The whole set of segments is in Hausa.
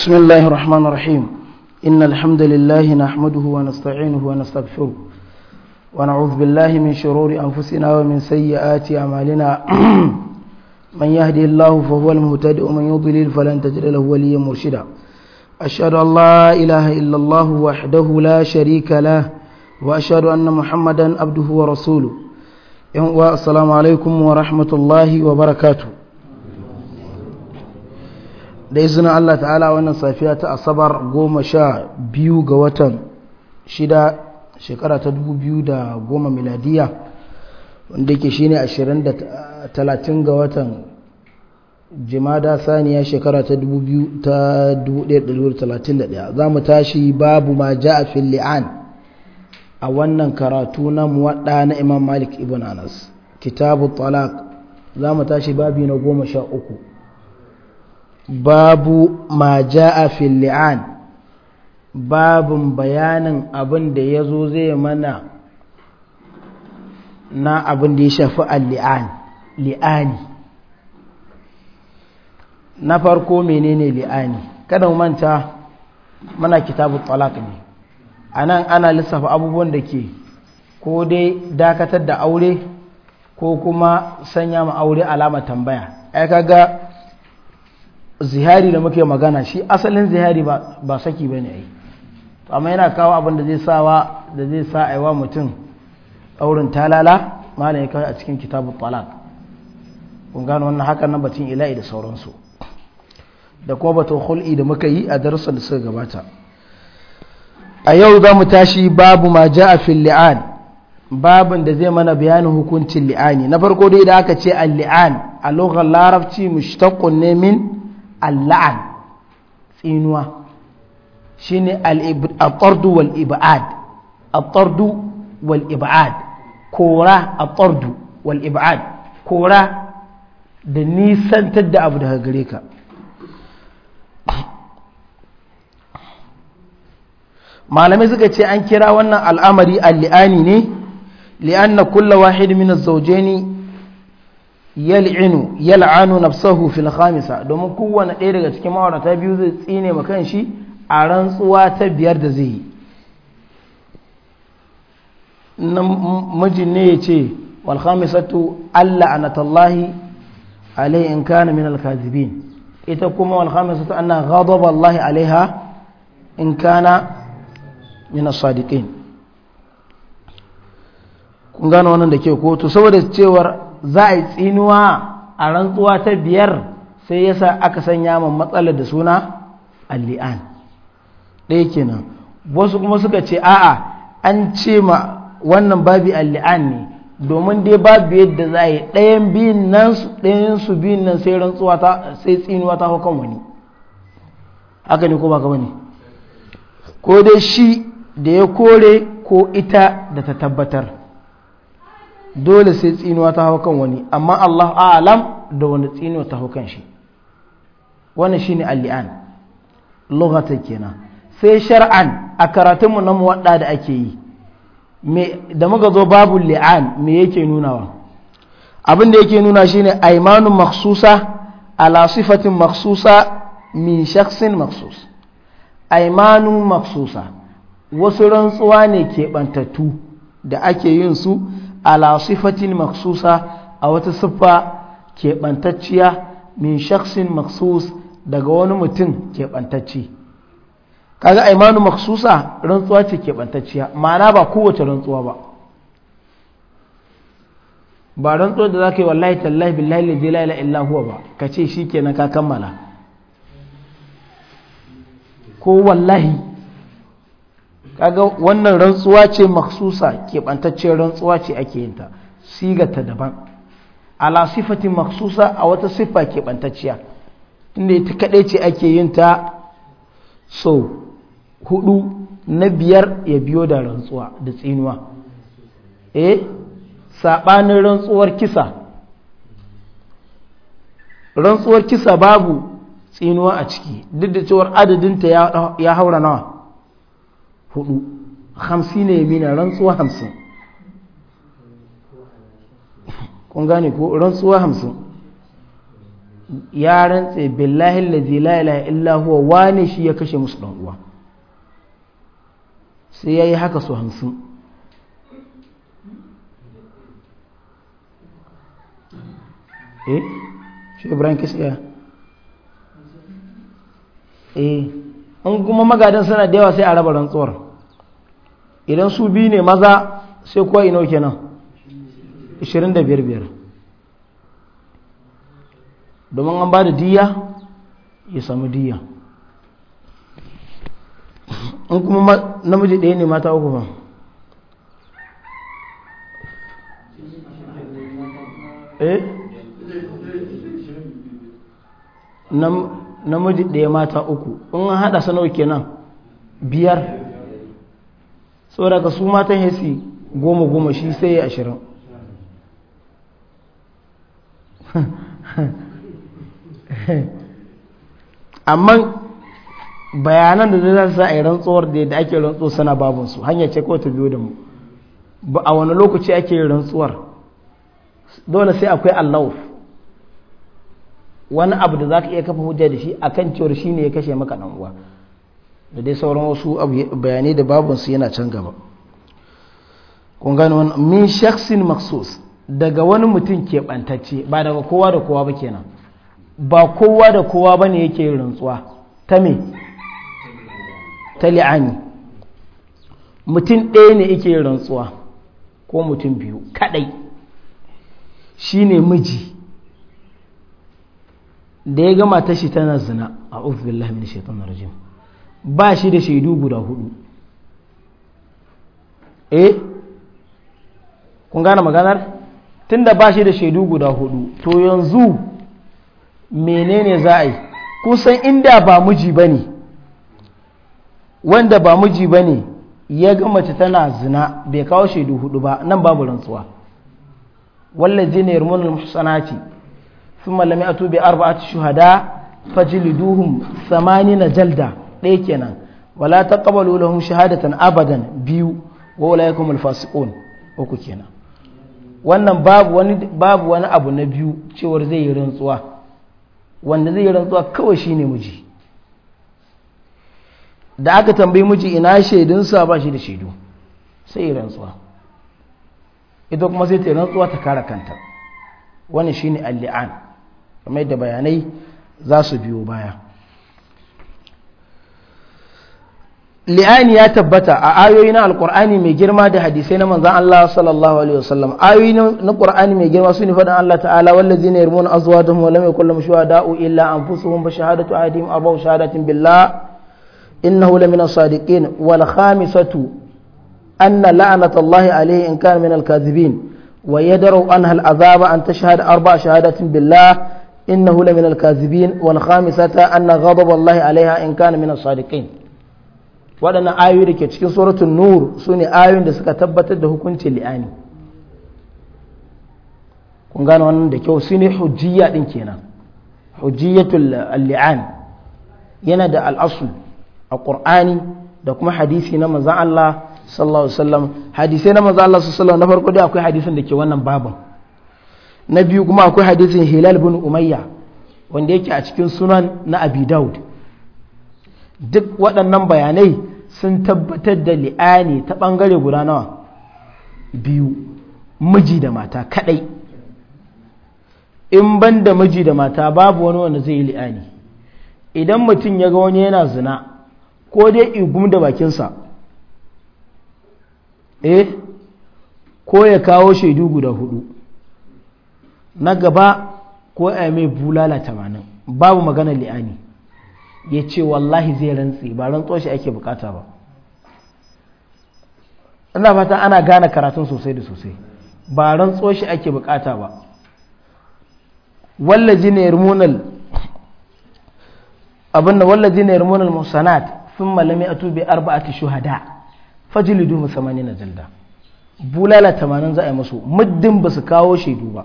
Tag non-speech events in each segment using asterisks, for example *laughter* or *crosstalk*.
بسم الله الرحمن الرحيم إن الحمد لله نحمده ونستعينه ونستغفره ونعوذ بالله من شرور أنفسنا ومن سيئات أعمالنا من يهدي الله فهو المهتد ومن يضلل فلن تجد له وليا مرشدا أشهد أن لا إله إلا الله وحده لا شريك له وأشهد أن محمدا عبده ورسوله السلام عليكم ورحمة الله وبركاته da izinin Allah ta'ala wannan safiya ta asabar goma sha biyu ga watan shida shekara ta dubu biyu da goma miladiya wanda ke shine ashirin da talatin ga watan jimada saniya shekara ta dubu biyu ta dubu ɗaya da dubu talatin da ɗaya za mu tashi babu ma ja a fili'an a wannan karatu na muwaɗa na imam malik ibn anas kitabu talak za mu tashi babi na goma sha uku babu ma ja'a fil li'an babun bayanin abin da ya zo zai mana na abin da ya shafi al-li'an li'ani na farko menene li'ani kada mu manta mana kitabu talaq ne anan ana lissafa abubuwan da ke ko dai dakatar da aure ko kuma sanya ma aure alama tambaya ai kaga zihari da muke magana shi asalin zihari ba saki ba ne amma yana kawo abin da zai wa da zai sa aiwa mutum auren talala malam ya kawai a cikin kitabun talak kun gano wannan hakan na batun ila'i da sauransu da kuma batun hul'i da muka yi a darussan da suka gabata a yau za mu tashi babu ma ja a fil li'an babin da zai mana bayanin hukuncin li'ani na farko dai da aka ce a lian a lokacin larabci mushtaqqun ne min alla'an tsinuwa shine ne tardu wal ibad wal’ibad kora at wal’ibad kora da nisantar da abu daga gare ka malamai suka ce an kira wannan al'amari al’ani liani ne li'anna kulla wahid min az ni. yal'inu yal'anu nafsahu fil khamisa domin kowanne ɗaya daga cikin ma'aurata biyu zai tsine ma kanshi a rantsuwa ta biyar da zai yi na mijin ne ya ce wal khamisatu alla anatallahi alai in kana min al ita kuma wal khamisatu anna ghadaba allah alaiha in kana min as sadiqin kun gano wannan da ke ko to saboda cewar za a yi tsinuwa a rantsuwa ta biyar sai yasa aka sanya ma matsalar da suna alli'an ɗaya kenan wasu kuma suka ce a'a an ce ma wannan babi alli'an ne domin dai babu yadda za a yi ɗayan biyun nan ɗayan su biyun nan sai rantsuwa ta sai tsinuwa ta hukan wani haka ne ko ba ka ne ko dai shi da ya kore ko ita da ta tabbatar dole sai tsinuwa ta hau kan wani amma Allah alam da wani tsinuwa ta hau kan shi Wani shine alli'an lian kenan sai shar'an a karatunmu na muwaɗa da ake yi da muka zo babu li'an me yake nunawa abin da yake nuna shine aimanun maksusa ala sifatin maksusa min shaksin maksus aimanun maksusa wasu rantsuwa ne keɓantattu da ake yin su ala sifatin maksusa a wata siffa keɓantacciya min shaksin maksus daga wani mutum keɓantacci kaga aimanu maksusa rantsuwa ce keɓantacciya ma'ana ba kowace rantsuwa ba ba rantsuwa da za ka yi wallahi tallahi billahi lalzi la ila huwa ba ka ce shi kenan ka kammala ko wallahi kaga wannan rantsuwa ce maksusa keɓantaccen rantsuwa ce ake yin ta sigata daban ala sifatin maksusa a wata siffa keɓantacciya inda ita kaɗai ce ake yin ta sau hudu na biyar ya biyo da rantsuwa da tsinuwa eh saɓanin rantsuwar kisa rantsuwar kisa babu tsinuwa a ciki duk da cewar adadinta ya haura nawa hudu hamsi ne mina rantsuwa hamsin kun gane ko rantsuwa hamsin ya rantse billahi lazi la ilaha illa huwa wane shi ya kashe musu dan uwa sai yayi haka su hamsin eh shi ibrahim kisiya eh in kuma magadan suna da yawa sai a raba rantsuwar idan su biyu ne maza sai kuwa ino kenan 25 domin an ba da diya ya samu diya in kuma namiji ɗaya ne mata uku ba eh namiji ɗaya mata uku in an haɗa sanau kenan biyar saboda su matan hesi goma goma shi sai ya ashirin *laughs* amma bayanan da zai sa a yi rantsuwar da yadda ake rantsuwa sana babinsu hanya ce kawai ta biyo da mu a wani lokaci ake rantsuwar dole sai akwai allawuf wani abu da za ka iya kafa hujja da shi a kan cewar shi ne ya kashe maka ɗan uwa da dai sauran wasu bayanai da babunsu yana can gaba kun wani min shaksin maksus daga wani mutum keɓantacce ba daga kowa da kowa ba kenan ba kowa da kowa ba ne yake rantsuwa ta me ta li'ani mutum ɗaya ne yake rantsuwa ko mutum biyu kaɗai shi ne miji da ya gama tashi tana zina a billahi min shaitan rajim ba shi da shaidu guda hudu eh kun gane maganar tunda ba shi da shaidu guda hudu to yanzu menene za a yi kusan inda ba miji ba ne wanda ba miji ba ne ya ga mace tana zina bai kawo shaidu hudu ba nan babu rantsuwa wallazi ne yarmunul muhsanati Sun a ثم لم يأتوا بأربعة شهداء فجلدوهم ثمانين جلدة ليكنا ولا تقبلوا لهم شهادة أبدا بيو وأولئك هم الفاسقون وكنا wannan babu wani babu wani abu na biyu cewar zai yi rantsuwa wanda zai yi rantsuwa kawai shine miji da aka tambayi miji ina shaidun sa ba shi da shaidu sai yi rantsuwa ita kuma sai ta rantsuwa ta kare kanta wannan shine al-li'an kamar da bayanai za su biyo baya li'ani ya tabbata a ayoyi na alkur'ani mai girma da hadisai na manzan Allah sallallahu alaihi wasallam ayoyi na qur'ani mai girma su ne faɗin Allah ta'ala wallazina yarmuna azwajahum wa lam yakul a da'u illa anfusuhum fa shahadatu ahadihim arba'u shahadatin billah innahu lamina sadiqin wal khamisatu anna la'natullahi alaihi in kana min al-kadhibin wa yadru anha al-azaba an tashhad arba shahadatin billah إنه لمن الكاذبين والخامسة أن غضب الله عليها إن كان من الصادقين waɗannan ayoyi da ke cikin suratun nur su ne da suka tabbatar da hukuncin li'ani kun gane wannan da kyau su ne hujjiya ɗin kenan hujjiyatul li'an yana da al'asu a ƙur'ani da kuma hadisi na manzan Allah sallallahu alaihi wasallam hadisai na manzan Allah sallallahu alaihi wasallam farko dai akwai hadisin da ke wannan babin na biyu kuma akwai hadisin hilal bin umayya wanda yake a cikin sunan na abi daud duk waɗannan bayanai sun tabbatar da li'ani ta ɓangare guda nawa biyu miji da mata kaɗai in ban da miji da mata babu wani wanda zai yi li'ani idan mutum ya ga wani yana zina ko dai igum da bakinsa eh ko ya kawo shaidu guda hudu na gaba ko a mai bulala tamanin babu magana li'ani ya ce wallahi zai rantsi ba rantsuwa shi ake bukata ba ina fata ana gane karatun sosai da sosai ba rantsuwa shi ake bukata ba wallaji na yarmunal abinda wallaji ne yarmunal musanat sun malami a tubi arba'ati shuhada fajilidu musamman na jalda bulala tamanin za a yi masu muddin ba su kawo shaidu ba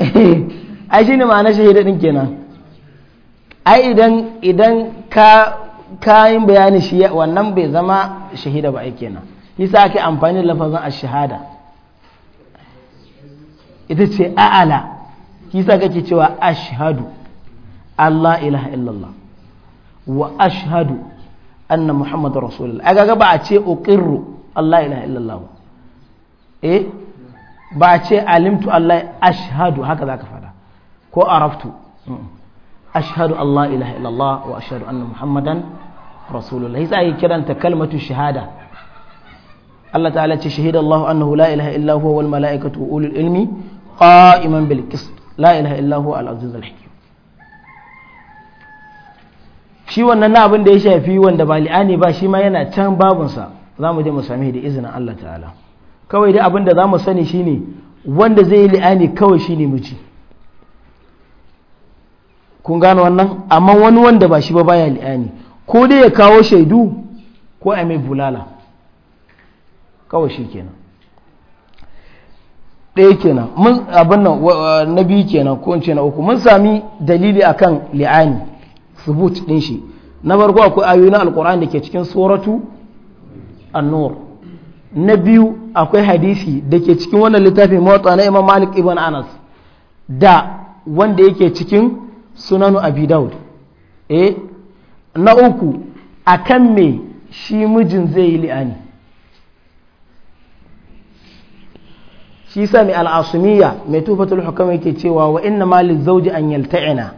*laughs* ai ne ma'ana shahida ɗin kenan ai idan idan ka kayan bayani shi wannan bai zama shahida ba ai kenan yasa ake amfani da lafazin ash-shahada ita ce a'ala yasa kake cewa ashhadu Allah ilaha illallah wa ashhadu anna muhammadar rasulullah aga ga ba a ce uqirru Allah ilaha illallah eh ba ce alimtu Allah ashhadu haka za ka fada ko araftu ashhadu Allah ilaha illallah wa ashhadu anna muhammadan rasulullah sai ake kiranta kalmatu shahada Allah ta'ala ce shahida Allah annahu la ilaha illa huwa wal malaikatu wa ulul ilmi qa'iman bil qist la ilaha illa huwa al aziz al hakim shi wannan na abin da ya shafi wanda ba li'ani ba shi ma yana can babunsa za mu je mu sami da izinin Allah ta'ala kawai da abin da za mu sani shine wanda zai yi li'ani kawai shine miji kun gano wannan amma wani wanda ba shi ba baya li'ani ko dai ya kawo shaidu ko a mai bulala kawai shi kenan ɗaya kenan mun abin nan na biyu kenan ko ce na uku mun sami dalili akan li'ani subut din shi na farko akwai ayoyi na alkur'ani da ke cikin suratu an-nur na biyu akwai hadisi da ke cikin wannan littafi motsa na imam malik ibn anas da wanda yake cikin sunanu abi daud eh na uku a kan me shi mijin zai yi li'ani shi sa mai al'asumiya mai tufatul hukama yake cewa wa inna malin zauji an yalta'ina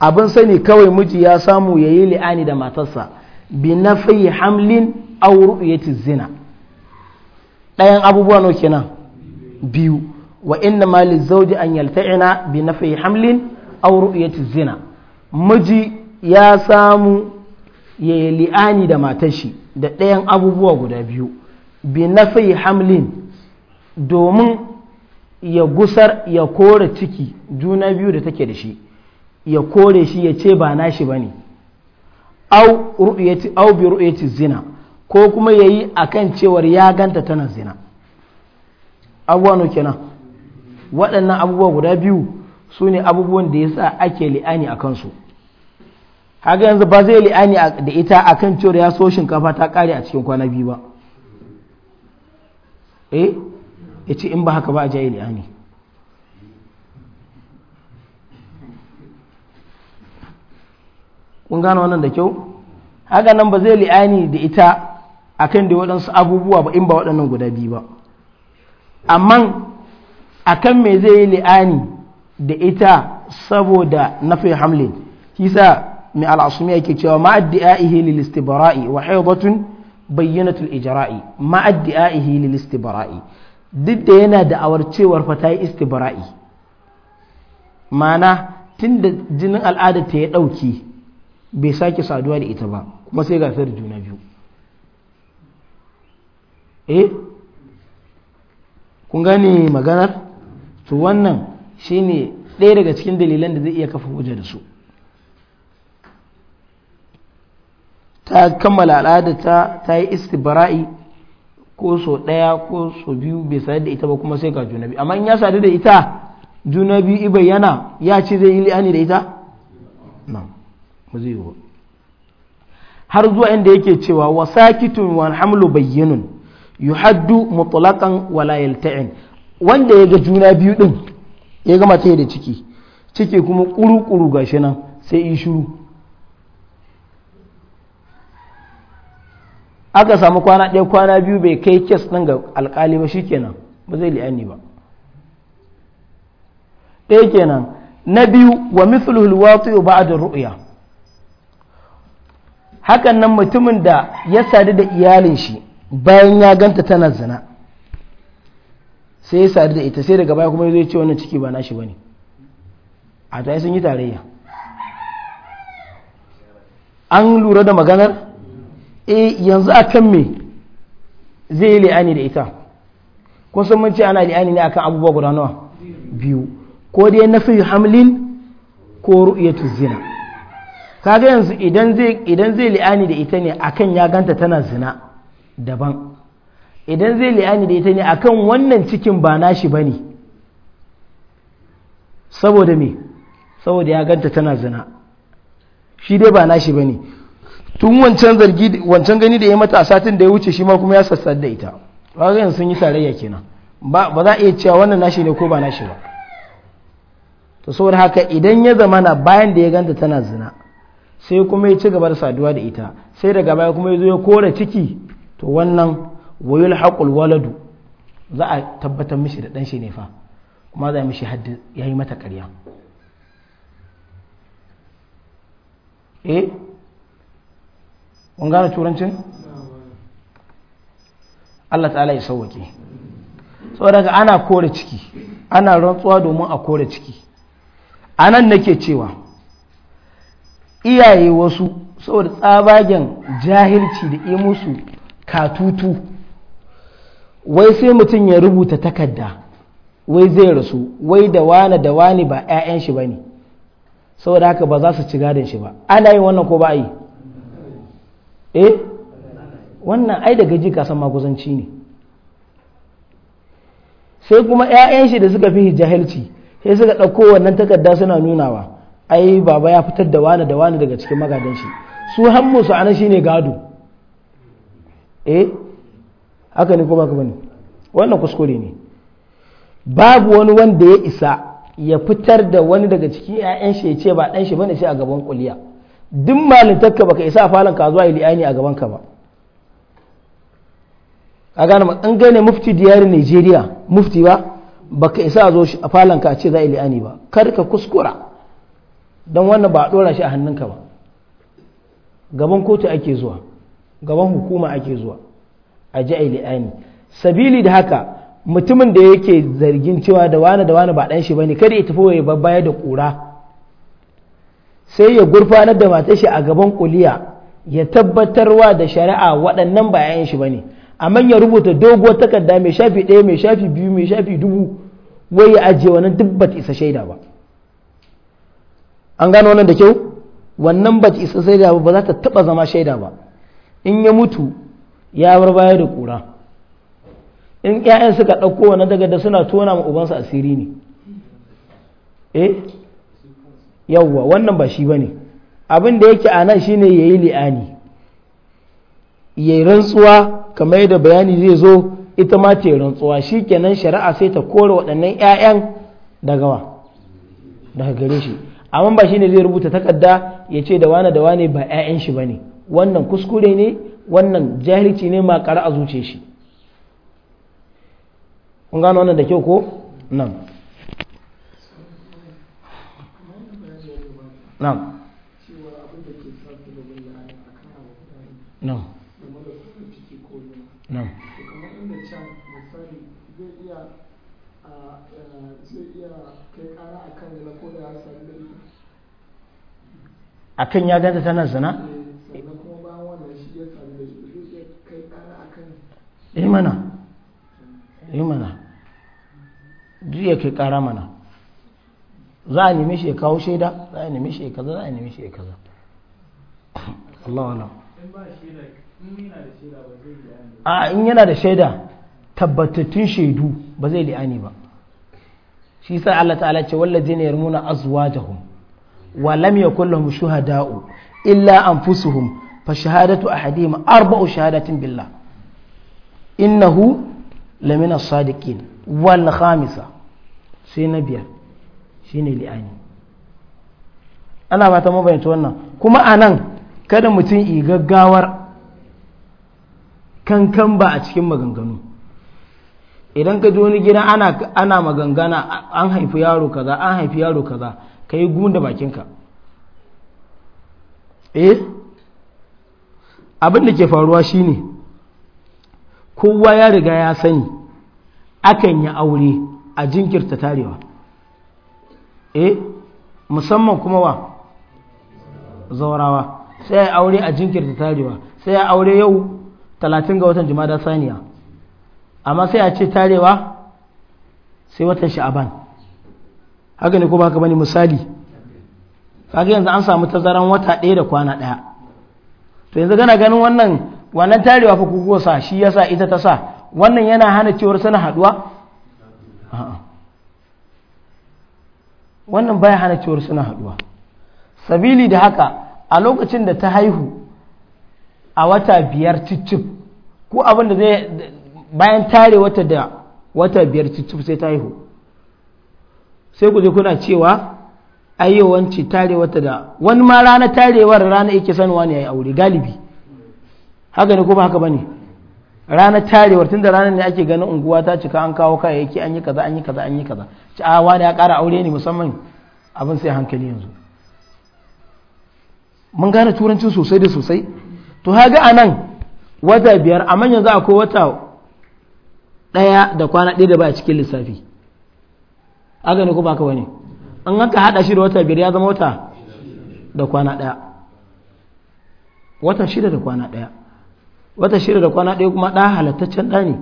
abin sani kawai miji ya samu ya yi li'ani da matarsa bi na hamlin aw ru'yati zina ɗayan abubuwa no kenan biyu wa inna ma lizawji an yalta'ina bi nafyi hamlin aw ru'yati zina miji ya samu ya li'ani da matar shi da ɗayan abubuwa guda biyu bi nafyi hamlin domin ya gusar ya kore ciki juna biyu da take da shi ya kore shi ya ce ba nashi bane au bi ru'yati zina ko kuma ya yi a kan cewar ya ganta tana zina abubuwa no kenan waɗannan abubuwa guda biyu su ne abubuwan da ya sa ake li'ani a kansu haka yanzu ba zai li'ani da ita a kan cewar ya so shinkafa ta ƙare a cikin kwana biyu ba eh ya ce in ba haka ba a jayi li'ani kun gano wannan da kyau haka nan ba zai li'ani da ita a kan da waɗansu abubuwa ba in ba waɗannan guda biyu ba amma kan me zai yi li'ani da ita saboda na nafi hamlin sa mai al'asumi yake cewa ma'addi'a'ihi lil istibara'i wa haidatun bayyanatul ijra'i ma'addi'a'ihi lil istibara'i duk da yana da cewar fa ta yi istibara'i ma'ana tun da jinin al'adar ta ya ɗauki bai sake saduwa da ita ba kuma sai gafiyar juna biyu eh kun gane maganar to wannan shine ɗaya daga cikin dalilan da zai iya kafa hujja da su ta kammala al'ada ta yi istibara'i ko so ɗaya ko so biyu bai sadu da ita ba kuma sai ga juna biyu amma in ya sadu da ita juna biyu i bayyana ya ce zai yi li'ani da ita na ba zai yi har zuwa inda yake cewa wasakitun wa hamlu bayyinun yuhaddu mutlaqan wala yalta'in wanda ya ga juna biyu din ya gama ta da ciki ciki kuma kuru-kuru gashi nan sai yi shiru aka samu kwana ɗaya kwana biyu bai kai kes ɗin ga alƙali ba shikenan ba zai li'ani ba ɗaya kenan na biyu wa mithluhul waqi'u ba'da ru'ya hakan nan mutumin da ya sadu da iyalin shi bayan ya ganta tana zina sai ya da ita sai daga baya kuma zai ce wannan ciki ba nashi bane a ta sun yi tarayya an lura da maganar e yanzu akan me zai yi li'ani da ita kun san mun ce ana li'ani ne akan abubuwa guda nawa biyu ko dai na fi hamlin ko ru'yatu zina kaga yanzu idan zai idan zai li'ani da ita ne akan ya ganta tana zina daban idan zai li'ani da ita ne a kan wannan cikin ba nashi ba ne saboda me saboda ya ganta tana zina shi dai ba nashi ba ne tun wancan gani da ya mata a satin da ya wuce shi ma kuma ya sassar da ita ba sun yi tarayya kenan ba za a iya cewa wannan nashi ne ko ba nashi ba to saboda haka idan ya zama na bayan da ya ganta tana zina sai kuma ya ci gaba da saduwa da ita sai daga baya kuma ya zo ya kore ciki to wannan wayul haƙul waladu za a tabbatar mishi da ɗan shi ne fa kuma za a mishi haddi ya yi mata ƙarya eh kun gane turancin Allah ta'ala ya sauwake saboda ana kore ciki ana rantsuwa domin a kore ciki a nan nake cewa iyaye wasu saboda tsabagen jahilci da imusu katutu wai sai mutum ya rubuta takarda wai zai rasu wai da wane da wane ba 'ya'yan shi ba ne saboda haka ba za su ci gadon shi ba ana yi wannan ko ba yi eh wannan ai da gaji kasan maguzanci ne sai kuma 'ya'yan shi da suka fi jahilci sai suka ɗauko wannan takarda suna nunawa ai baba ya fitar da wani da wani daga cikin magadan shi su hannu su ana shi ne gado eh haka ne ko ba ka bane wannan kuskure ne babu wani wanda ya isa ya fitar da wani daga cikin 'ya'yan shi ya ce ba ɗan shi bane sai a gaban kuliya duk malintarka baka isa falon ka zuwa iliyani a gaban ka ba a gane ma an gane mufti diyar nigeria mufti ba baka isa zo a falon ka a ce za iliyani ba kar ka kuskura don wannan ba a ɗora shi a hannunka ba gaban kotu ake zuwa gaban hukuma ake zuwa a ji a li'ani sabili da haka mutumin da yake zargin cewa da wani da wani ba dan shi bane kada ya tafi ya babbaya da ƙura sai ya gurfanar da matar shi a gaban kuliya ya tabbatarwa da shari'a waɗannan ba yayin shi bane amma ya rubuta doguwar takarda mai shafi ɗaya mai shafi biyu mai shafi dubu wai ya ajiye wannan duk ba isa shaida ba an gano wannan da kyau wannan ba isa shaida ba ba za ta taɓa zama shaida ba in ya mutu ya bar baya da kura in 'ya'yan suka ɗauko wani daga da suna tona ma ubansa asiri ne eh yawwa wannan ba shi ba ne abin da yake a nan shi ne ya yi li'ani ya yi rantsuwa kamar yadda bayani zai zo ita ma ce rantsuwa shi kenan shari'a sai ta kore waɗannan 'ya'yan daga daga gare shi amma ba shi ne zai rubuta takarda ya ce da wane da wane ba 'ya'yan shi ba ne wannan kuskure ne wannan jahilci ne ma kara a zuce shi kun gano wannan da kyau ko nan nan nan nan a kan ya ganta tana zina? eh mana eh mana jiya ke kara mana za a nemi shi ya kawo shaida za a nemi shi ya kaza za a nemi Allah a in yana da shaida tabbatattun shaidu ba zai li'ani ba shi sa Allah ta'ala ce wallazi ne yarmuna azwajahum wa lam yakul lahum shuhada'u illa anfusuhum fa shahadatu ahadima arba'u shahadatin billah innahu lamina sadiqin wal khamisa sai na biyar shine li'ani ana fata mu bayyana wannan kuma anan kada mutum yi gaggawar kankan ba a cikin maganganu idan ka wani gida ana ana magangana an haifi yaro kaza an haifi yaro kaza kai gunda bakinka eh abin da ke faruwa shine kowa ya riga ya sani akan yi aure a jinkirta tarewa eh musamman kuma wa zaurawa sai ya aure a jinkirta tarewa sai ya aure yau 30 ga watan jumada saniya amma sai a ce tarewa sai watan sha'aban haka ne ko ba haka bane misali kaga yanzu an samu tazaran wata ɗaya da kwana ɗaya to yanzu gana ganin wannan wannan tarewa fa kuka sa shi yasa ita ta sa wannan yana hana cewar suna haduwa wannan baya hana cewar suna haduwa sabili da haka a lokacin da ta haihu a wata biyar ciccif ko abin da zai bayan tare wata da wata biyar ciccif sai ta haihu sai ku je kuna cewa ayyawanci tare wata da wani ma rana tarewar rana yake sanuwa ne ya yi aure galibi haka ne ko ba haka bane ranar tarewar tunda ranar ne ake ganin unguwa ta cika an kawo kayayyaki an yi kaza an yi kaza an yi kaza ci awa ne ya kara aure ne musamman abin sai hankali yanzu mun gane turancin sosai da sosai to haga a nan wata biyar a manyan za a ko wata ɗaya da kwana ɗaya da ba a cikin lissafi haka ne ko ba ka wani an haka haɗa shi da wata biyar ya zama wata da kwana ɗaya wata shida da kwana ɗaya wata shirya da kwana ɗaya kuma ɗan halattaccen ɗa ne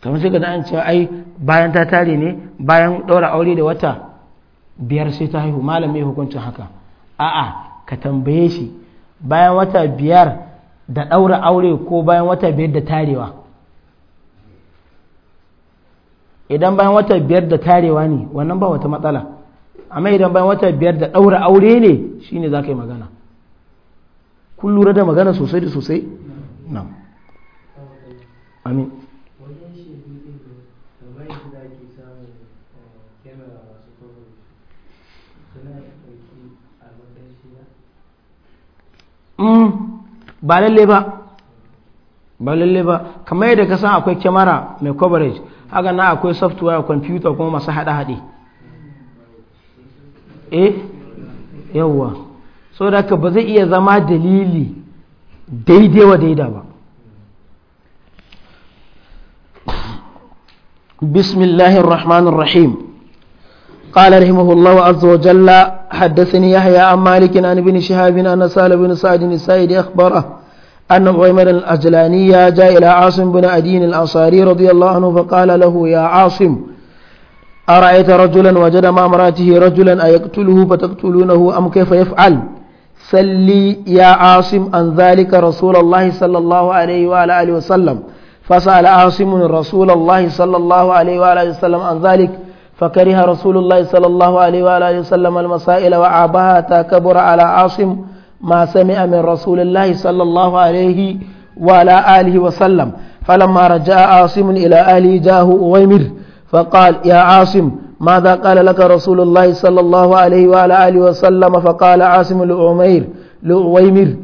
kamar sai ka an cewa ai bayan ta tare ne bayan ɗaura aure da wata biyar sai ta haihu malam mai hukuncin haka a'a ka tambaye shi bayan wata biyar da ɗaura aure ko bayan wata biyar da tarewa idan bayan wata biyar da tarewa ne wannan ba wata matsala amma idan bayan wata biyar da ɗaura aure ne shine za ka yi magana kun lura da magana sosai da sosai na'am amin mm, ba lalle ba ba lalle ba kamar yadda ka san akwai kyamara mai coverage haka na akwai software computer kuma masu haɗe-haɗe eh yawwa so da ka ba zai iya zama dalili daidai wa daida ba بسم الله الرحمن الرحيم قال رحمه الله عز وجل حدثني يحيى عن مالك عن ابن شهاب عن سال بن سعد السائد أخبره أن عمر الأجلاني جاء إلى عاصم بن أدين الأنصاري رضي الله عنه فقال له يا عاصم أرأيت رجلا وجد مع امرأته رجلا أيقتله فتقتلونه أم كيف يفعل؟ salli ya asim anzalika zalika rasulallahi sallallahu alaihi wa alihi wa sallam fasal asimun rasulallahi sallallahu alaihi wa alihi wa sallam an zalik fakariha rasulullahi sallallahu alaihi wa alihi wa sallam al wa abaha takabura ala asim ma sami'a min rasulillahi sallallahu alaihi wa alihi wa sallam فلما رجع عاصم إلى أهله جاءه أويمر فقال يا عاصم ماذا قال لك رسول الله صلى الله عليه وعلى آله وسلم فقال عاصم لعمير لعويمر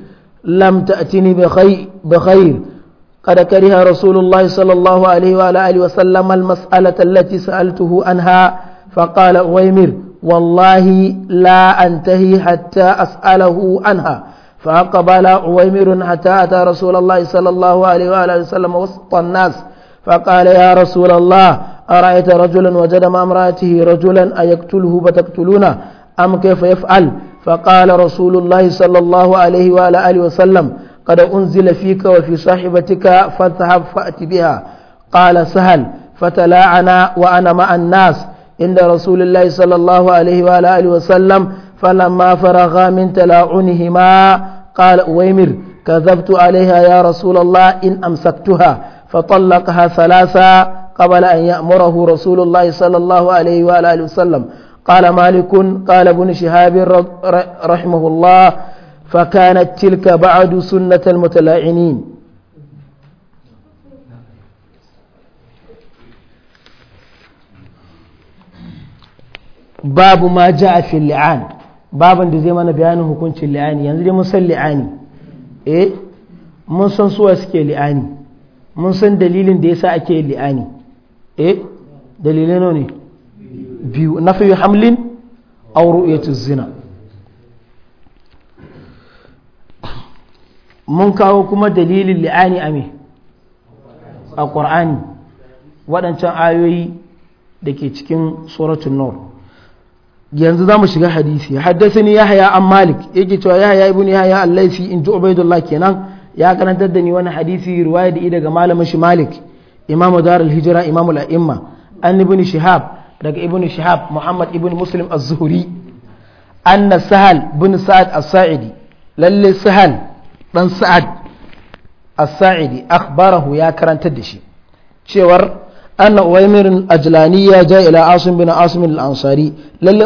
لم تأتني بخير, بخير قد كره رسول الله صلى الله عليه وعلى آله وسلم المسألة التي سألته عنها فقال عويمر والله لا أنتهي حتى أسأله عنها فأقبل عويمر حتى أتى رسول الله صلى الله عليه وآله وسلم وسط الناس فقال يا رسول الله أرأيت رجلا وجد مع امرأته رجلا أيقتله فتقتلونه أم كيف يفعل فقال رسول الله صلى الله عليه وعلى آله وسلم قد أنزل فيك وفي صاحبتك فاذهب فأت بها قال سهل فتلاعنا وأنا مع الناس عند رسول الله صلى الله عليه وعلى آله وسلم فلما فرغا من تلاعنهما قال أويمر كذبت عليها يا رسول الله إن أمسكتها فطلقها ثلاثا قبل أن يأمره رسول الله صلى الله عليه وآله وسلم قال مالك قال ابن شهاب رحمه الله فكانت تلك بعد سنة المتلاعنين باب ما جاء في اللعان باب da zai mana bayanin hukuncin li'ani yanzu dai mun san li'ani ايه من سن سوا سكي li'ani من سن dalilin ده يسا اكي لعاني E dalilai nawa ne biyu fi hamlin aw zina mun kawo kuma dalilin li'ani ame a ƙwar'ani waɗancan ayoyi da ke cikin suratun nor yanzu za mu shiga hadisi haddasani ya haya an malik yake cewa ya haya ibn ya allaisi in ji ubaidullah kenan ya karantar da ni wani hadisi riwaya da daga malamin shi malik imamu darul hijira imamu la'imma an ibn shihab daga ibn shihab muhammad ibn muslim az-zuhri anna sahal bin sa'ad as-sa'idi lalle sahal dan sa'ad as-sa'idi akhbarahu ya karantar da shi cewar anna uwaimir ajlani ya ja ila asim bin asim al-ansari lalle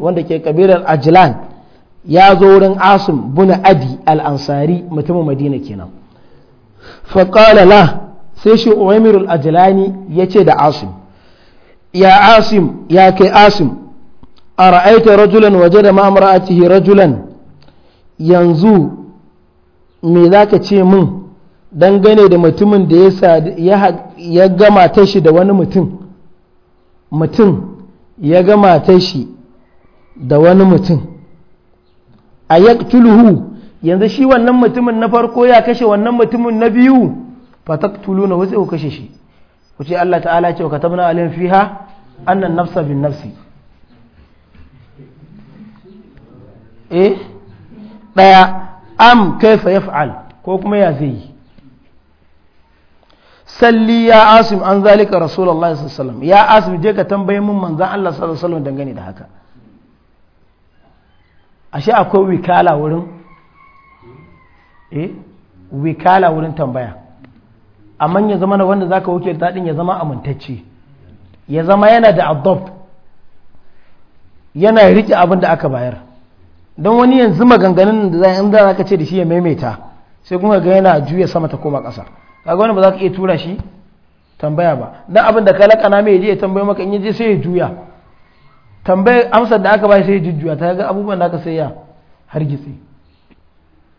wanda ke kabilar ajlan ya zo wurin asim bin adi al-ansari mutumin madina kenan فقال له sai shi umairul ajlani ya ce da asim ya asim ya kai asim a ra'aita rajulan waje da ma'amura'atihi rajulan yanzu me za ka ce min dangane da mutumin da ya gama ta shi da wani mutum mutum ya gama ta shi da wani mutum a yanzu shi wannan mutumin na farko ya kashe wannan mutumin na biyu fataktuluna wasu ku kashe shi ku ce Allah ta'ala ce ka tabna alim fiha annan nafsa bin nafsi eh daya am kaifa yaf'al ko kuma ya zai yi salli ya asim an zalika rasulullahi sallallahu alaihi wasallam ya asim je ka tambaye mun manzon Allah sallallahu alaihi wasallam dangane da haka ashe akwai wikala wurin eh wikala wurin tambaya amma ya zama na wanda zaka wuce din ya zama amintacce ya zama yana da adopt yana rike abin da aka bayar don wani yanzu maganganun da zai inda zaka ce da shi ya maimaita sai kuma ga yana juya sama ta koma ƙasa kaga wani ba za ka iya tura shi tambaya ba dan abin da ka na mai je ya tambaye maka in je sai ya juya tambayar amsar da aka bai sai ya jujjuya ta ga abubuwan da aka sai ya hargitsi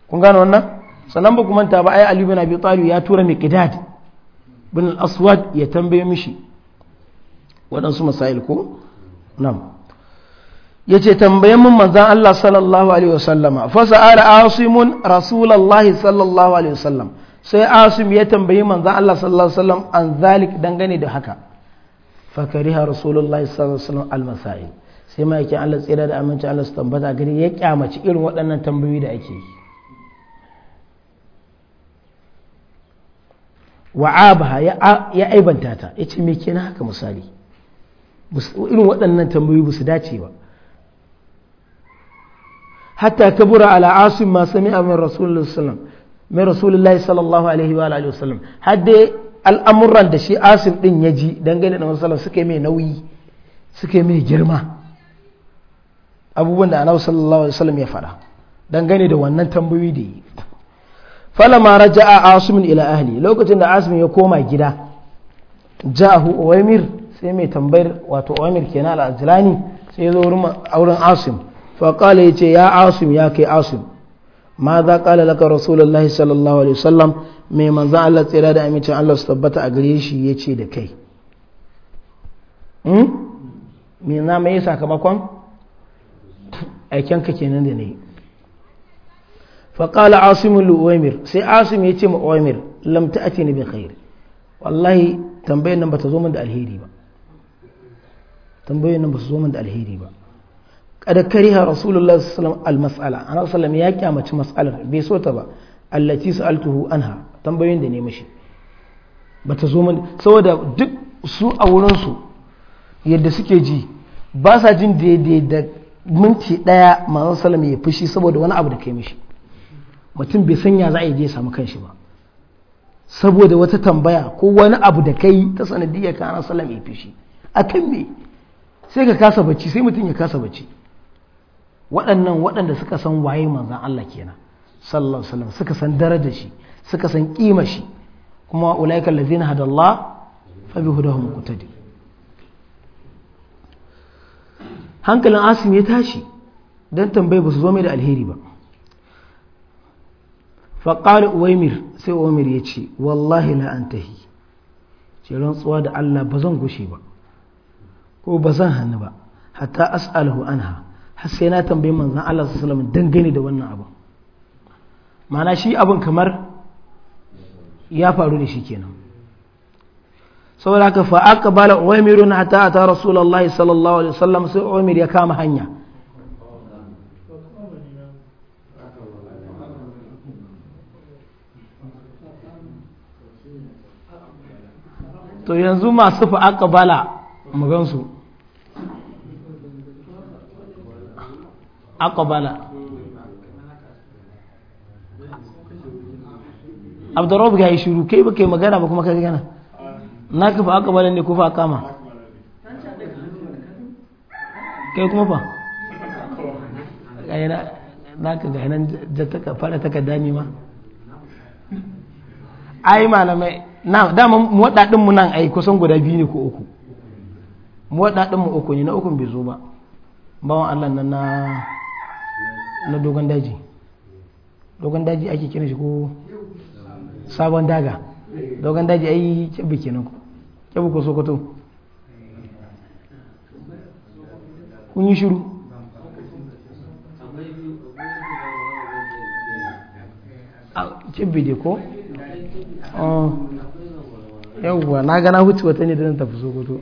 kun gane wannan sannan ba kuma ta ba ai Ali bin Abi ya tura mai kidadi bin aswad ya tambaye mishi waɗansu masail ko nan ya ce tambayen mun manzan Allah sallallahu alaihi wasallama fasa ara asimun rasulallahi sallallahu alaihi wasallam sai asim ya tambayi manzan Allah sallallahu alaihi wasallam an zalik dangane da haka fakariha rasulullahi sallallahu alaihi wasallam al-masail sai ma yake Allah tsira da aminci Allah su tambata gari ya kyamaci irin waɗannan tambayoyi da ake yi wa'abaha ya aibanta ta ya ce me kenan haka misali irin waɗannan tambayoyi ba su dace ba hatta kabura ala asim ma sami amin rasulullah sallam mai rasulullah sallallahu alaihi wa alaihi wasallam hadde al'amuran da shi asim din ya ji dangane da masallam suka mai nauyi suka mai girma abubuwan da annabi sallallahu alaihi wasallam ya faɗa dangane da wannan tambayoyi da yi falama raja'a asimin ila ahli lokacin da asimin ya koma gida ja'ahu uwaimir sai mai tambayar wato uwaimir kenan al-ajlani sai zo wurin asim fa ya yace ya asim ya kai asim ma za qala laka rasulullahi sallallahu alaihi wasallam mai manzo Allah tsira da amincin Allah su tabbata a gare shi yace da kai hmm? me na mai sakamakon aikenka kenan da ne faƙala asimin lu'uwaimir sai asim ya ce ma uwaimir lamta a ce ni bin khairi wallahi ba ta zo min da alheri ba tambayin ba su zo min da alheri ba kada kariha rasulullah sallam almas'ala ana sallam ya kyamaci mas'alar bai so ta ba allati sa'altuhu anha tambayoyin da ne mishi ba ta zo saboda duk su a wurinsu yadda suke ji ba sa jin daidai da minti daya manzon ya fushi saboda wani abu da kai mishi mutum bai san ya za a je samu kanshi ba saboda wata tambaya ko wani abu da kai ta sanadiyya ka ana salam ya fishi a kan me sai ka kasa bacci sai mutum ya kasa bacci waɗannan waɗanda suka san waye manzan Allah kenan sallallahu alaihi suka san darajar shi suka san kima shi kuma ulaika allazina hadallah fa bihudahum qutadi hankalin asim ya tashi dan tambayi ba su zo mai da alheri ba Faƙari uwaimir sai uwaimir ya ce wallahi la'antahi ce rantsuwa da Allah ba zan gushe ba ko ba zan hannu ba hatta as'alahu anha har sai na tambayi manzon Allah sallallahu dangane da wannan abu ma'ana shi abin kamar ya faru da shi kenan saboda haka fa aqbala uwaimir hatta ata rasulullahi sallallahu alaihi wasallam sai uwaimir ya kama hanya to yanzu masu fa'aƙa bala magansu aqbala abdurrahman ga yi shiru kai ba kai magana ba kuma kai gana na ka fa aqbala ne ko fa kama kai kuma fa gaina na ka ta ka fara takarda ma ai malamai na dama muwaɗaɗin mu nan ai kusan guda biyu ne ko uku mu muwaɗaɗin mu uku ne na ukun bai zo ba bawan Allah nan na na dogon daji dogon daji ake kiran shi ko sabon daga dogon daji ai kyabu kenan ko kyabu ko sokoto kun yi shiru ah, kyabu dai ko ah. yawwa na gana huce wata ne da zan tafi sokoto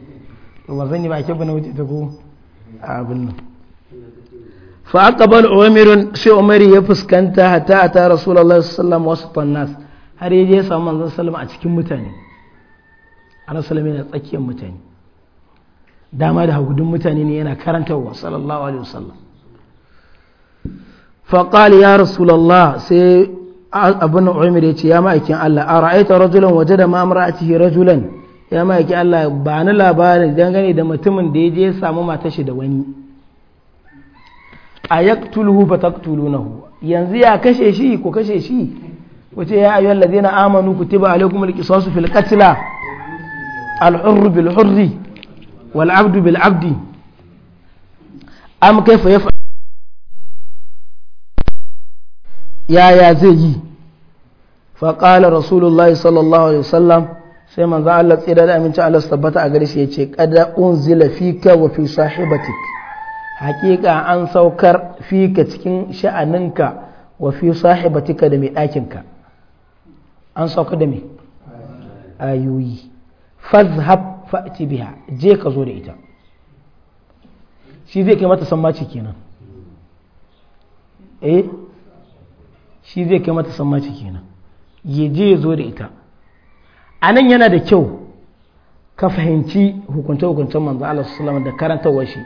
to ba zan yi ba ke bane huce ta ko a abin nan fa bar umairun sai umari ya fuskanta hatta a rasulullahi sallallahu sallam wasu tannas har yaje ya samu manzon sallama a cikin mutane annabi sallama yana tsakiyar mutane dama da hagudun mutane ne yana karantarwa sallallahu alaihi wasallam faƙali qala ya rasulullah sai abin umar ya ce ya ma'aikin Allah a ra'aita rajulan waje da a cikin rajulan ya ma'aikin Allah ba ni labarin dangane da mutumin da ya je ya samu matashi da wani a tulu ba taqtulunahu yanzu ya kashe shi ko kashe shi ce ya lade na amanu kutiba alaykumul qisasu fil qatl al bil hurr wal 'abdu bil 'abdi am yaya zai yi faƙala rasulullahi sallallahu alaihi wasallam sai manzan Allah tsira da aminci Allah tabbata a gare shi ya ce kada unzila fika wa fi sahibatik haƙiƙa an saukar fika cikin sha'aninka wa fi sahibatika da mai ɗakinka an sauka da mai ayoyi fazhab fa'ti biha je ka zo da ita shi zai kai mata sammaci kenan eh shi zai kai mata mace kenan ya je ya zo da ita a nan yana da kyau ka fahimci hukunce-hukuncen manzo Allah sallallahu da karantawar shi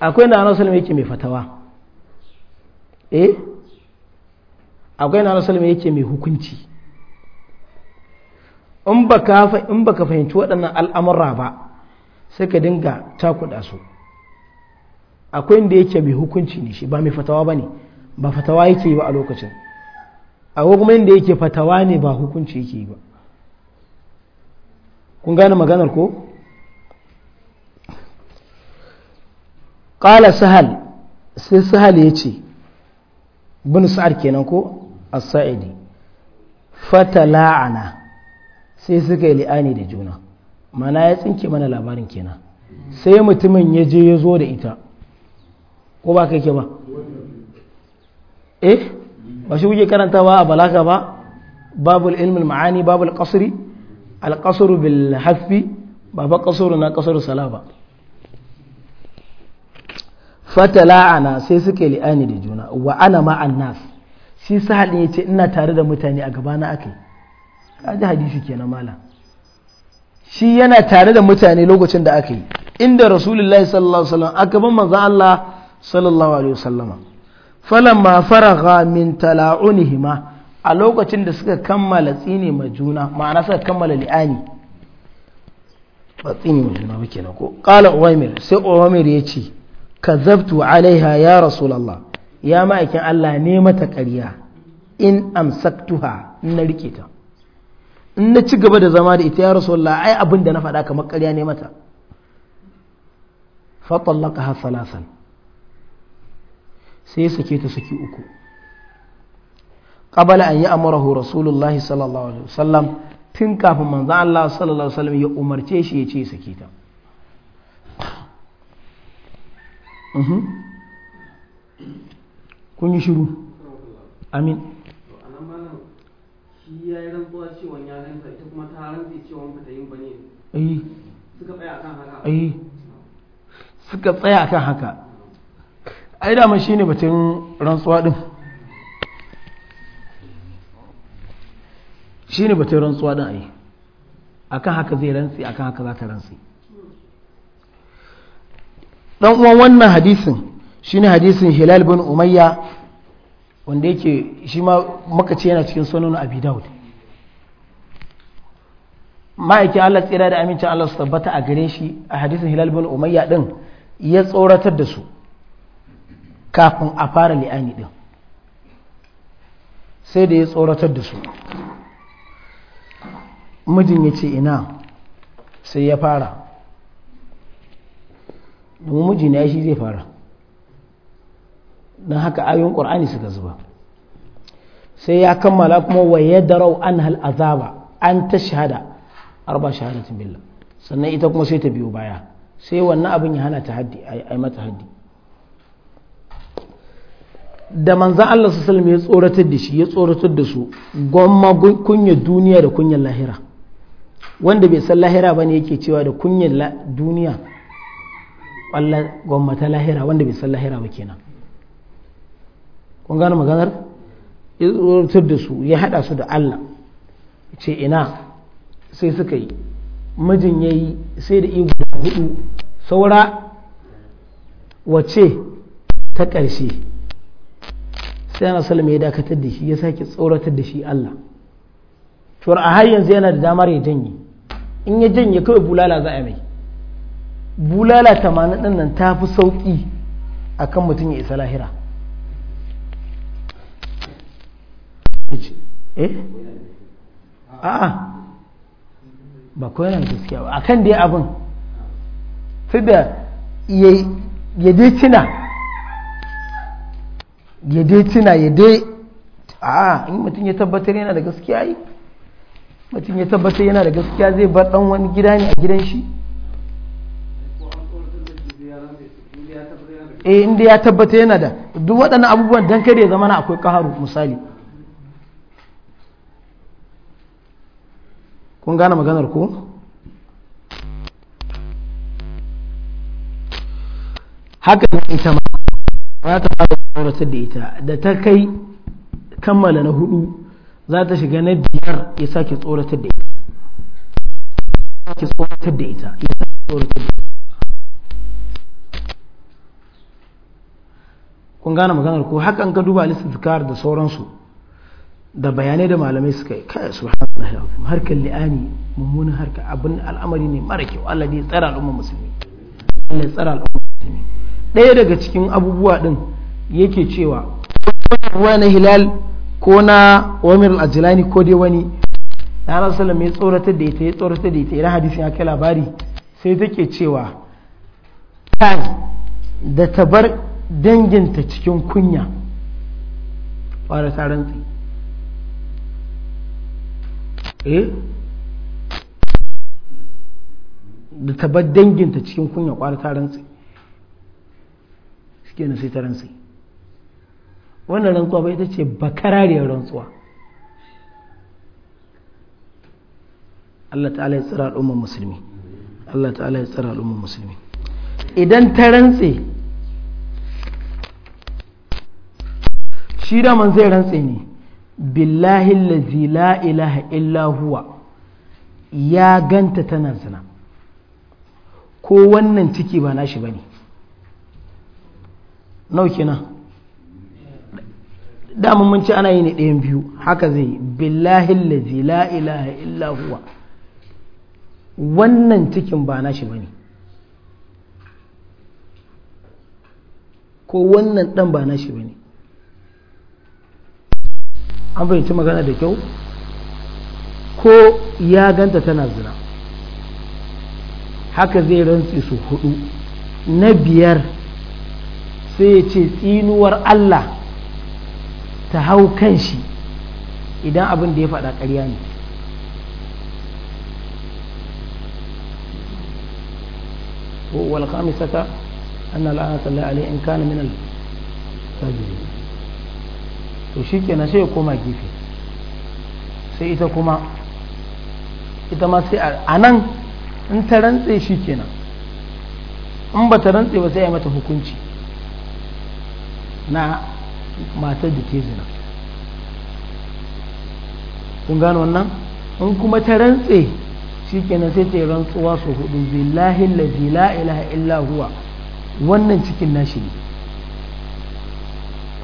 akwai na Annabi sallallahu yake mai fatawa eh akwai na Annabi sallallahu yake mai hukunci in baka in baka fahimci waɗannan al'amura ba sai ka dinga takuda su akwai inda yake mai hukunci ne shi ba mai fatawa bane ba fatawa yake yi ba a lokacin a kuma da yake fatawa ne ba hukunci yake yi ba kun gane maganar ko ƙala sahal sai sahal ya ce bin sa'ar kenan ko a saidi fata la'ana sai suka yi li'ani da juna mana ya tsinke mana labarin kenan sai mutumin ya je ya zo da ita ko ba kai ke ba eh ba shi kuke ba a balaga ba babul ilmin ma'ani babul qasri al qasru bil hafi ba ba qasru na qasru sala ba fatala'ana sai suke li'ani da juna wa ana ma'an nas shi sahal ya ce ina tare da mutane a gabana akai kaji hadisi ke na mala shi yana tare da mutane lokacin da aka yi inda rasulullahi sallallahu alaihi wasallam aka ban manzo Allah sallallahu alaihi wasallama falamma faragha min tala'unihima a lokacin da suka kammala tsini ma juna ma'ana suka kammala li'ani ba tsine ma juna muke na ko kala uwaymir sai uwaymir ya ce kazabtu alaiha ya rasulullah ya ma'aikin Allah ne mata ƙarya in amsaktuha in na rike ta in na ci gaba da zama da ita ya rasulullah ai abin da na faɗa kamar karya ne mata tallaqaha salasan sai ya sake ta saki uku qabala an ya'murahu rasulullahi sallallahu alaihi wasallam tun kafin manzo Allah sallallahu alaihi wasallam ya umarce shi ya ce ya sake ta mhm. kun yi shiru amin shi ya yi rantsuwa cewa ya ita kuma ta rantsi cewa ba ta yin bane eh. suka tsaya akan haka eh. suka tsaya akan haka ai dama shi ne batun rantsuwa din shi ne batun rantsuwa din ai akan haka zai rantsi akan haka za ta rantsi dan uwan wannan hadisin shine hadisin hilal bin umayya wanda yake shi ma maka ce yana cikin sunan abi daud ma'aikin Allah tsira da amincin Allah su tabbata a gare shi a hadisin hilal bin umayya din ya tsoratar da su kafin a fara li'ani din sai da ya tsoratar da su mijin ya ce ina sai ya fara domin miji na shi zai fara don haka ayoyin ƙur'ani suka zuba sai ya kammala kuma wa ya darau an halazaba azaba an ta shahada arba shahadatun billah sannan ita kuma sai ta biyo baya sai wannan abin ya hana ta haddi a yi mata haddi da manzan Allah su ya tsoratar da shi ya tsoratar da su gwamma kunya duniya da kunyar lahira wanda bai san lahira ba ne yake cewa da kunyar duniya gwamma ta lahira wanda bai san lahira ba kenan kun gane maganar ya tsoratar da su ya hada su da Allah ce ina sai suka yi mijin ya yi sai da igu hudu saura wace ta ƙarshe sai ana salam ya dakatar da shi ya sake tsoratar da shi Allah cewar a har yanzu yana da damar ya janye in ya janye kawai bulala za a mai bulala tamanin dan nan ta fi sauƙi a kan mutum ya isa lahira eh a ba kawai yana gaskiya ba akan dai abin sai da ya dai tuna ya dai tuna ya dai a in mutum ya tabbatar yana da gaskiya yi mutum ya tabbatar yana da gaskiya zai bar dan wani gida ne a gidan shi eh inda ya tabbata yana da duk waɗannan abubuwan dan kare zama na akwai kaharu misali kun gane maganar ko haka ita ma ta auratar da ita da ta kai kammala na hudu za ta shiga na biyar ya sake tsoratar da ita da ita kun gane maganar ko hakan ka duba listifkar da sauransu da bayanai da malamai suka yi kai har harkar li'ani mummunan harka abin al'amari ne mara kyau Allah ne tsara al'umma musulmi Allah ya tsara al'umma musulmi ɗaya daga cikin abubuwa din yake cewa ruwa na hilal ko na wamir al-ajilani ko dai wani na rasulun mai tsoratar da ita ya tsoratar da ita idan hadisin ya kai labari sai take cewa kai da ta bar danginta cikin kunya fara taron tsi eh da ta bar danginta cikin kunya kwara taron tsi suke na sai taron tsi wannan rantsuwa ba ita ce bakarariyar rantsuwa Allah ta'ala ya tsara al'ummar musulmi Allah ta'ala ya tsara al'ummar musulmi idan ta rantse shi da man zai rantse ne billahi lazi la ilaha illa huwa ya ganta tana zina ko wannan ciki ba nashi bane nau kenan damun mun ci ana yi ne ɗayan biyu haka zai billahi lazi la ilaha illa huwa wannan cikin ba nashi ne ko wannan dan ba nashi ne an fahimci magana da kyau ko ya ganta tana zina haka zai rantsi su hudu na biyar sai ya ce tsinuwar Allah ta hau kan shi idan abin da ya faɗa ƙarya ne والخامسة أن لعنة alai in kana min al sajidi to shi kenan sai ya koma gefe sai ita kuma ita ma sai a nan in ta rantse shi kenan in ba ta rantse ba sai ya mata hukunci na matar da ke zina kun gano wannan in kuma ta rantse shi kenan sai ta rantsuwa su hudu billahi lazi la ilaha illa huwa wannan cikin nashi ne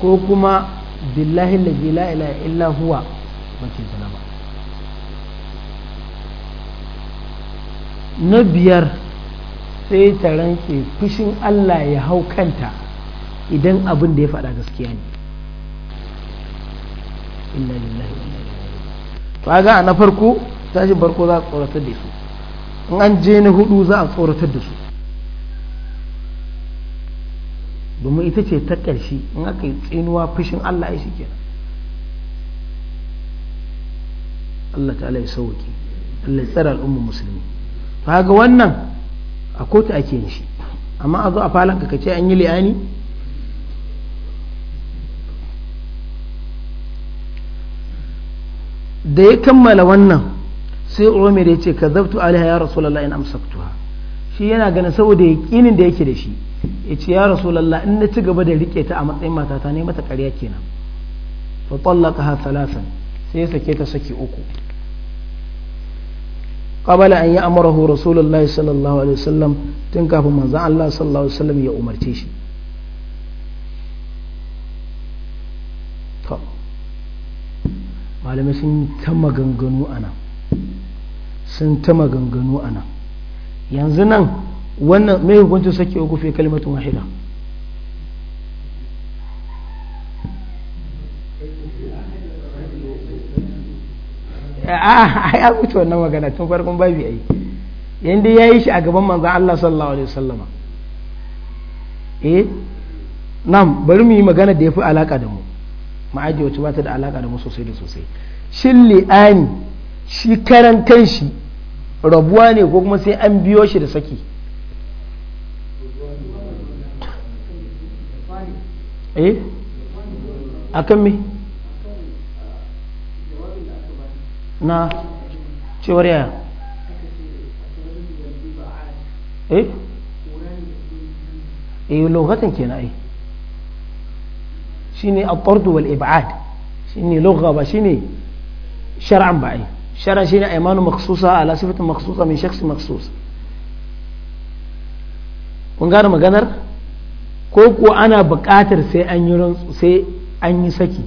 ko kuma billahi lazi la ilaha illa huwa ba ke zina ba na biyar sai ta rantse fushin Allah ya hau kanta idan abin da ya faɗa gaskiya ne inna lillahi wa inna ilaihi to aga na farko tashin farko za a tsoratar da su in an je na hudu za a tsoratar da su domin ita ce ta ƙarshe in aka yi tsinuwa fushin Allah ya shi kenan Allah ta'ala ya sauke Allah ya tsara al'ummar musulmi to ga wannan a kotu ake yin shi amma a zo a falon ka kace an yi li'ani da ya kammala wannan sai umar ya ce ka zabtu alaiha ya rasulallah in amsaktuha shi yana ganin saboda yaƙinin da yake da shi ya ce ya rasulallah in na ci gaba da rike ta a matsayin matata ne mata ƙarya kenan fa tallaka ha salasan sai ya sake ta saki uku qabala an yi amarahu rasulullahi sallallahu alaihi wasallam tun kafin manzon Allah sallallahu alaihi wasallam ya umarce shi malamai sun ta maganganu a nan sun ta maganganu a nan yanzu nan wannan mai hukuncin sake uku fi kalmatun wahida a ah, ya wuce wannan magana tun farkon babi ai yadda ya yi shi a gaban manzan Allah sallallahu alaihi wasallama eh nam bari mu yi magana da ya fi alaka da mu ma'aji wacce ba ta da alaka da mu sosai da sosai shin li'ani shi karan kanshi rabuwa ne ko kuma sai an biyo shi da saki eh akan me na cewar yaya eh eh lokacin kenan ai shine al-tard wal ib'ad shine lugha ba shine shar'an ba ai shar'a shine aymanu makhsusa ala sifatin makhsusa min shakhs makhsus kun gane maganar ko ko ana buƙatar sai an yi sai an yi saki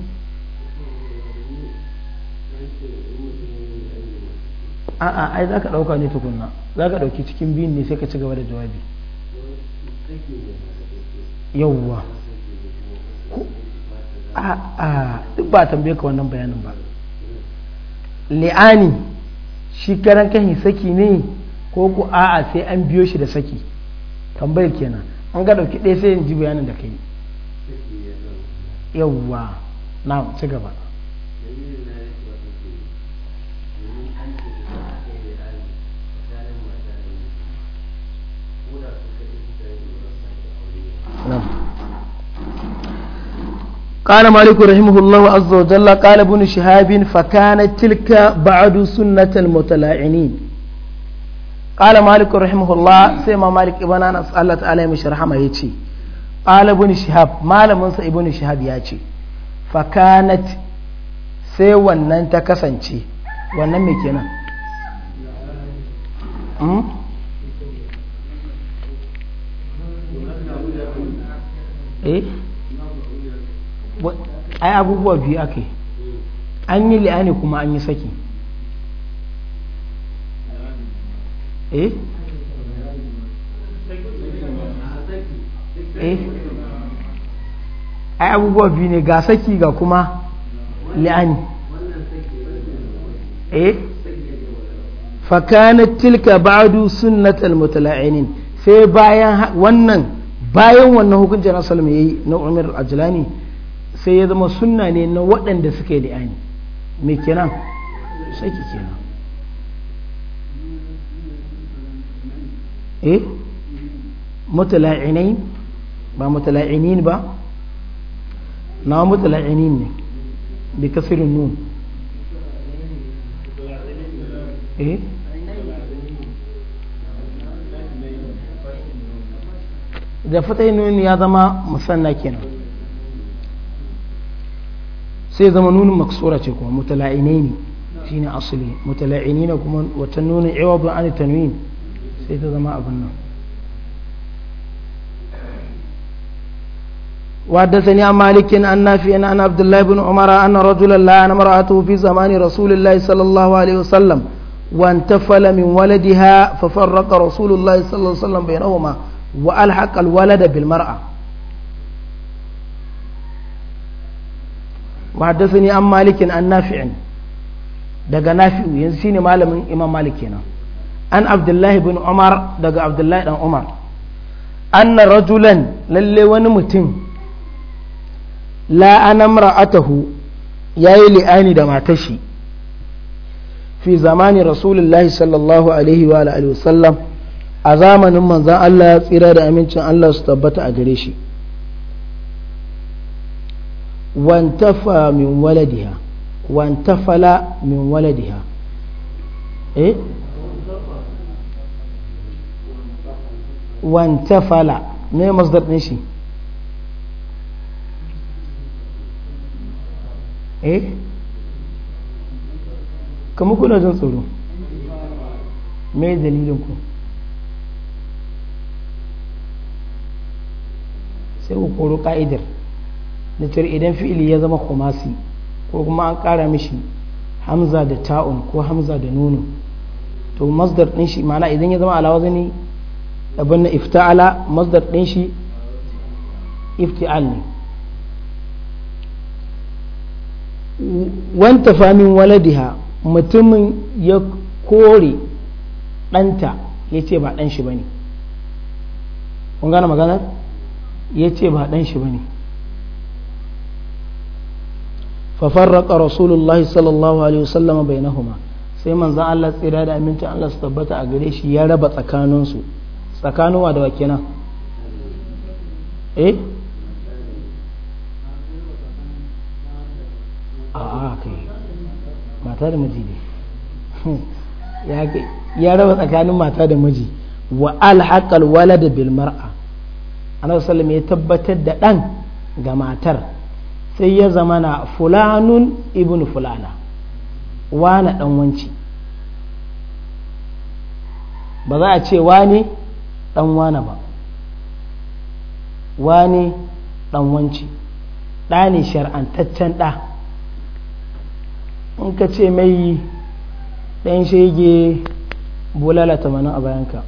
a'a ai za ka ɗauka ne tukunna za ka ɗauki cikin biyun ne sai ka ci gaba da jawabi yawwa a duk ba tambaye ka wannan bayanin ba li'ani shi karan kai saki ne ko ku a'a sai an biyo shi da saki tambayar kenan an ga dauki ɗaya sai in ji bayanin da kai yawwa na ci gaba No. قال مالك رحمه الله عز وجل قال ابن شهاب فكانت تلك بعد سنة المتلاعنين قال مالك رحمه الله سيما مالك ابن أنس الله تعالى مشرح ما يتي قال ابن شهاب ما لم ابن شهاب ياتي فكانت sai wannan ta kasance wannan mai kenan eh ai abubuwa biyu ake an yi li'ani kuma an yi saki eh eh ai abubuwa biyu ne ga saki ga kuma li'ani eh fakanat tilka ba'du sunnatal mutala'inin sai bayan wannan bayan wannan hukuncin na ya yi na Umar ajilani. sai ya zama sunna ne na waɗanda suka yi li'ani mai kenan saki kenan eh mutala'inai ba mutala'ini ba na mutala'ini ne bi kasirin nun eh da fatayin nun ya zama musanna kenan sai zama nunin maksura ce kuma mutala'inai ne shine asali mutala'ini ne kuma wata nunin iwabun an tanwin sai ta zama abin nan وحدثني عن مالك عن نافع عن عبد الله بن عمر أن رجلا لعن امرأته في زمان رسول الله صلى الله عليه وسلم وانتفل من ولدها ففرق رسول الله صلى الله عليه وسلم بينهما وألحق الولد بالمرأة wa haddathani an malikin an nafi'in daga nafi'u yanzu shine malamin imam malik an abdullahi bin umar daga abdullahi dan umar anna rajulan lalle wani mutum la an amra'atahu yayi li'ani da shi fi zamani rasulullahi sallallahu a zamanin manzon Allah ya tsira da amincin Allah su tabbata a gare shi wantafa min waladiha wantafala min waladiha eh wantafala me masdar din shi eh kamar kuna jin tsoro me dalilinku sai ku koro ka'idar na cire idan fi'ili ya zama khumasi ko kuma an ƙara mishi hamza da ta'un ko hamza da nunu to masdar ɗin shi ma'ana idan ya zama ala wazani abin na ifta'ala masdar ɗin shi ifti'al ne wanta famin waladiha mutumin ya kore ɗanta ya ce ba ɗan shi ba kun gane maganar ya ba ɗan shi ba ne fafarraqa rasulullahi sallallahu alaihi wasallam bainahuma sai manzon Allah tsira da aminci Allah su tabbata a gare shi ya raba tsakaninsu tsakanin wa da wa kenan eh a kai mata da miji ne ya raba tsakanin mata da miji wa alhaqal walad bil mar'a annabi sallallahu alaihi wasallam ya tabbatar da dan ga matar sai ya zama na fulanun ibn fulana wane dan wanci ba za a ce wane dan wane ba wane dan wanci ɗa ne shar'antaccen ɗa in ka ce mai ɗan shege bulala tamanin a bayanka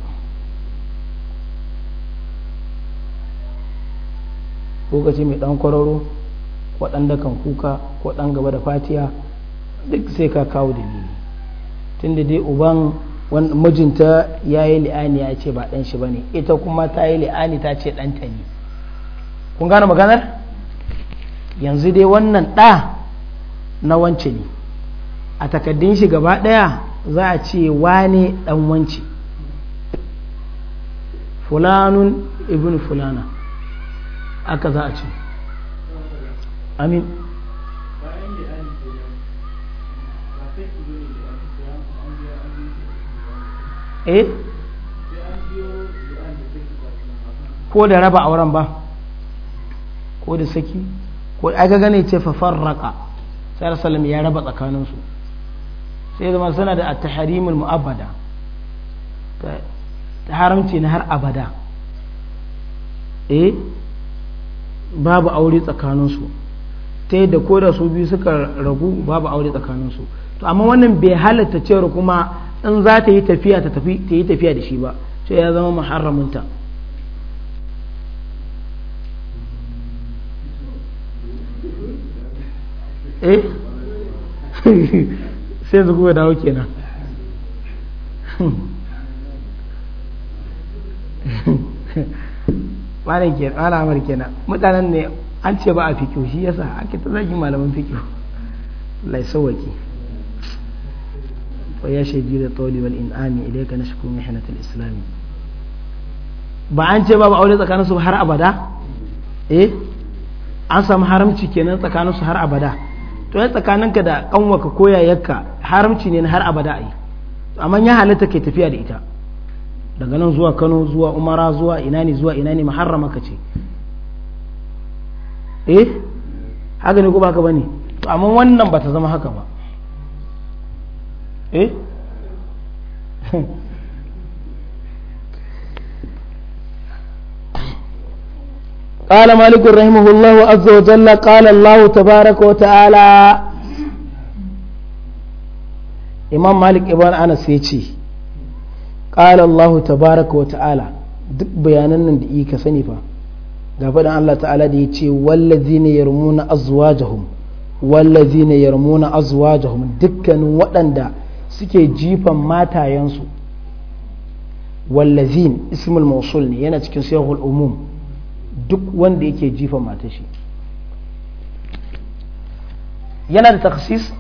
ko ka ce mai ɗan kwararo ko ɗan dakan kuka ko ɗan gaba da fatiya duk sai ka kawo dalili tunda dai uban mijinta ya yi li'ani ya ce ba ɗan shi ba ne ita kuma ta yi li'ani ta ce ɗanta ne kun gane maganar yanzu dai wannan ɗa na wance ne a takaddun shi gaba ɗaya za a ce wane ɗan wance fulanun ibn fulana aka za a ce amin eh ko da raba auren ba ko da saki ko aka gane ce fa farraka sai rasulullahi ya raba su sai zama sana da at-tahrimul mu'abbada ta haramci na har abada eh babu aure tsakanin su. ta yadda ko da su biyu suka ragu babu aure tsakaninsu to amma wannan bai halatta cewar kuma in za ta yi tafiya ta tafi ta yi tafiya da shi ba sai ya zama muharramunta eh *laughs* sai *laughs* mutanen ne an ce ba a fikiyo shi yasa ake ta zagi malaman fikiyo lai sawaki wa ya shaidi da tawli wal in'ami ilayka nashku mihnatul islam ba an ce ba ba aure tsakanin su har abada eh an samu haramci kenan tsakanin su har abada to ya tsakaninka da kanwaka ko yayarka haramci ne na har abada a yi amma ya halatta ke tafiya da ita daga nan zuwa Kano zuwa Umara zuwa ina ne zuwa ina ne ka ce. eh haka ne ko baka bane to amma wannan ba ta zama haka ba eh قال مالك رحمه الله عز وجل قال الله تبارك وتعالى امام مالك ابن انس يجي قال الله تبارك وتعالى duk bayanan nan da yi sani fa ga faɗin Allah ta'ala da ya ce ya wallazina yarmuna azwajahum wallazina yarmuna azwajahum dukkanin waɗanda suke jifan matayensu wallazin ismul mausul ne yana cikin sahihul umum duk wanda yake jifan matashi yana da takhsis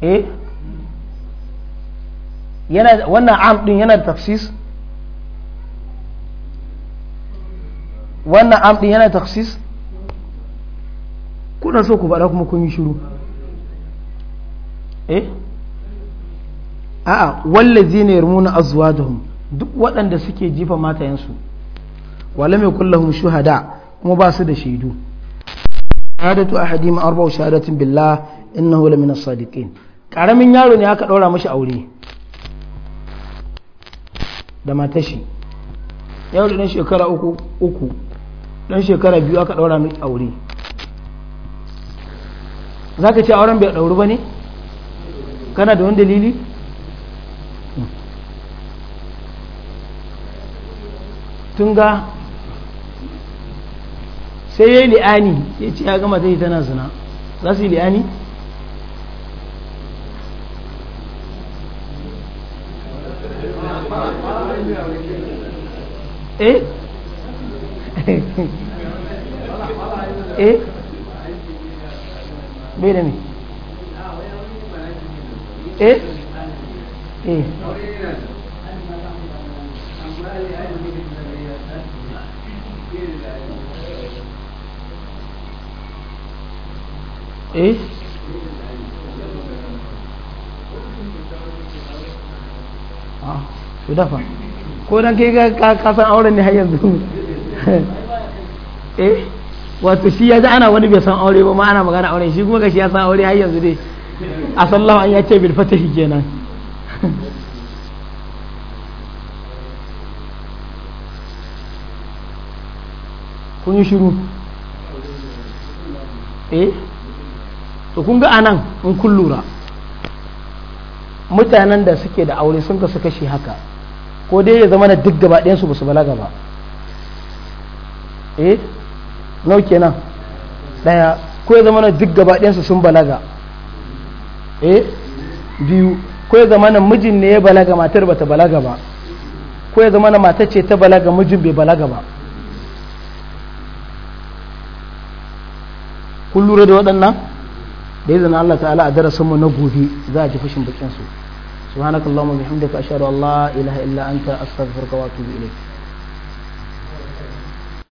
eh yana wannan am din yana da takhsis wannan am din yana taksis kuna so ku faɗa kuma kun yi shiru eh a'a wallazi ne yarmuna azwajuhum duk waɗanda suke jifa matayensu wala mai kullahum shuhada kuma ba su da shaidu shahadatu ahadima arba'u shahadatin billah innahu lamina sadiqin karamin yaro ne aka ɗaura mashi aure da matashi yaro ɗan shekara uku uku dan shekara biyu aka ɗaura mai aure za ka ce auren bai dauru ba ne kana da wani dalili tun ga sai ya yi li'ani ya ce ya gama ta yi tana zina za su yi li'ani eh *laughs* Eh? eh eh eh ah, ko dan ka auren ne har yanzu *laughs* eh wato shi ya ji ana wani bai san aure ba ma ana magana aure shi kuma gashi ya san aure har yanzu dai a sallahu an ya ce bil fatahi kenan *laughs* kun yi shiru eh to kun ga anan in kun lura mutanen da suke da aure sun kasu kashi haka ko dai ya zama na duk gaba ɗayansu ba su balaga ba eh nau kenan daya ko ya zama na duk gaba sun balaga eh biyu ko ya zama na mijin ne ya balaga matar bata balaga ba ko ya zama na matar ce ta balaga mijin bai balaga ba kun lura da waɗannan da izinin Allah ta'ala a darasin mu na gobe za a ji fushin bakin su subhanakallahumma bihamdika ashhadu an la ilaha illa anta astaghfiruka wa atubu ilayk